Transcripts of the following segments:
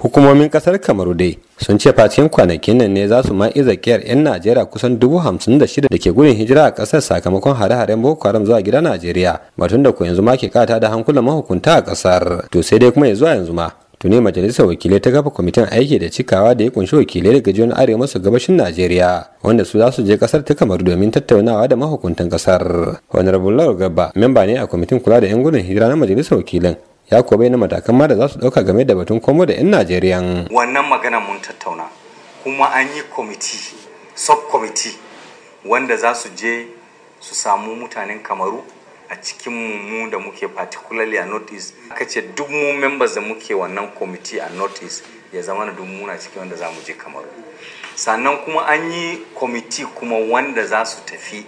hukumomin kasar kamaru dai sun ce facin kwanakin nan ne za su ma iza kiyar 'yan najeriya kusan dubu hamsin da shida da ke gudun hijira a kasar sakamakon hare-haren boko haram zuwa gida najeriya batun da ku yanzu ma ke kata da hankulan mahukunta a kasar to sai dai kuma ya zuwa yanzu ma tuni majalisar wakilai ta kafa kwamitin aiki da cikawa da ya kunshi wakilai daga jiyon arewa maso gabashin najeriya wanda su za su je kasar ta kamaru domin tattaunawa da mahukuntan kasar honorable gaba memba ne a kwamitin kula da yan gudun hijira na majalisar wakilan ya kuwa na matakan ma da za su ɗauka game da batun komo da 'yan najeriya wannan magana mun tattauna kuma an yi kwamiti sub kwamiti wanda za su je su samu mutanen kamaru a cikin mu da muke particularly a north east aka ce duk mu members da muke wannan kwamiti a north ya zama na muna cikin wanda za mu je kamaru sannan kuma an yi kwamiti kuma wanda za su tafi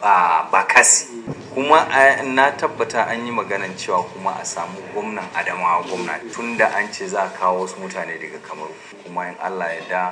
ba kasi kuma na tabbata an yi maganan cewa kuma a samu gwamnan adamawa gwamna tunda an ce za a kawo wasu mutane daga kamaru kuma in allah ya da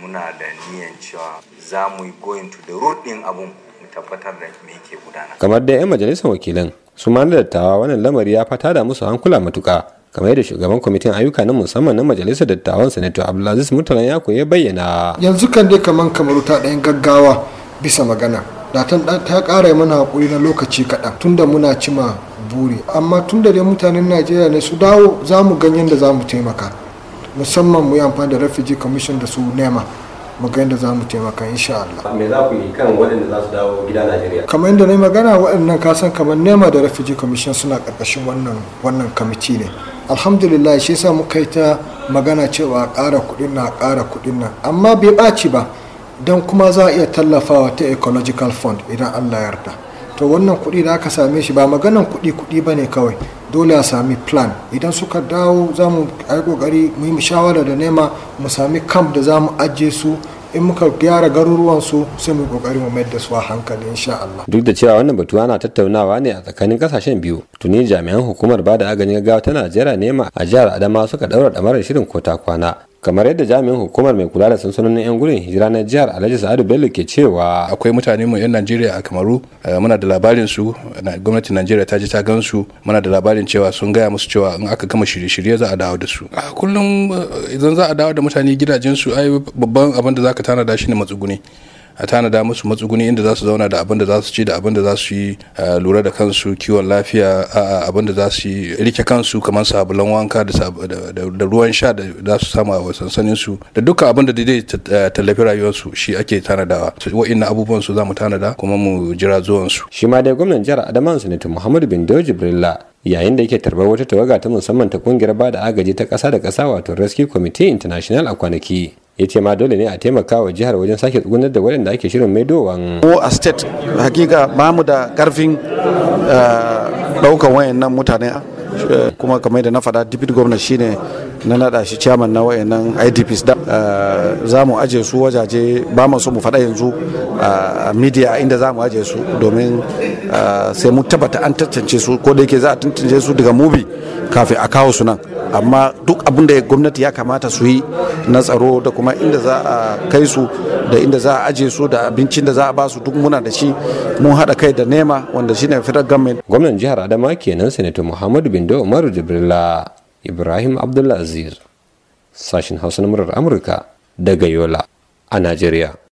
muna da niyan cewa za mu yi going to the root din abun mu tabbatar da me ke gudana kamar da 'yan majalisar wakilan su ma dattawa wannan lamari ya fata da musu hankula matuka kamar yadda shugaban kwamitin ayyuka na musamman na majalisar dattawan sanato abdulaziz murtala ya koyi bayyana yanzu kan dai kaman kamaru ta ɗayan gaggawa bisa magana datan ta ƙara mana hakuri na lokaci kaɗan tunda muna cima buri amma tunda dai mutanen najeriya ne su dawo za mu gan yadda za mu taimaka musamman mu yi amfani da refugee commission da su nema mu gan yadda za mu taimaka insha Allah. Me za ku yi kan waɗanda za su dawo gida Najeriya? Kamar yadda na yi magana waɗannan kasan kamar nema da refugee commission suna ƙarƙashin wannan wannan kamiti ne. Alhamdulillah shi yasa muka yi ta magana cewa ƙara kuɗin na ƙara kuɗin nan amma bai ɓaci ba. don kuma za a iya tallafawa ta ecological fund idan allah yarda to wannan kuɗi da aka same shi ba maganan kuɗi kuɗi ba ne kawai dole a sami plan idan suka dawo za mu yi ƙoƙari mu yi shawara da nema mu sami camp da za mu ajiye su in muka gyara garuruwan su sai mu kokari mu mayar da su a hankali insha Allah duk da cewa wannan batu ana tattaunawa ne a tsakanin kasashen biyu tuni jami'an hukumar bada agajin gaggawa ta Najeriya nema a jihar Adama suka daura damarar shirin kota kwana kamar yadda jami'in hukumar mai kula da sansanonin 'yan gudun hijira na jihar alhaji sa'adu bello ke cewa akwai mutane mu 'yan najeriya a kamaru eh, muna da labarin su gwamnatin najeriya ta ji ta gan su muna da labarin cewa sun gaya musu cewa in aka gama shirye-shirye za a dawo da su a kullum eh, idan za a dawo da mutane gidajen su ai babban abin da za zaka tanada ne matsuguni a tanada musu matsuguni inda za su zauna da abin da za su ci da abin da za su yi lura da kansu kiwon lafiya abin da za su yi rike kansu kamar sabulan wanka da ruwan sha da za su samu a sansanin su da duka abin da zai tallafi rayuwarsu shi ake tanadawa wa'innan abubuwan su za mu tanada kuma mu jira zuwan su shi ma dai gwamnan jihar adamawa sanatu muhammadu bin dauji brilla yayin da yake tarbar wata tawaga ta musamman ta kungiyar bada agaji ta kasa da kasa wato rescue committee international a kwanaki ya ce ma dole ne a taimaka wa jihar wajen sake tsugunar da waɗanda ake shirin maidowan. ko a state hakika ba mu da karfin eh, ɗaukan wayannan mutane kuma kamar da na faɗa deputy governor shine na nada shi chairman na wayannan idps da eh, za mu aje su wajaje ba mu so mu faɗa yanzu a media inda za mu aje su domin eh, sai mu tabbata an tantance su ko da yake za a tantance su daga mubi kafin a kawo su nan amma duk abin da gwamnati ya kamata su yi na tsaro da kuma inda za a kai su da inda za a aje su da abincin da za a ba su duk muna da shi mun haɗa kai da nema wanda shine federal government gwamnan jihar adama kenan sanato muhammadu bin Indo Umaru Jibrila Ibrahim Abdullah Aziz sashin Hausa na murar Amurka daga Yola a Najeriya.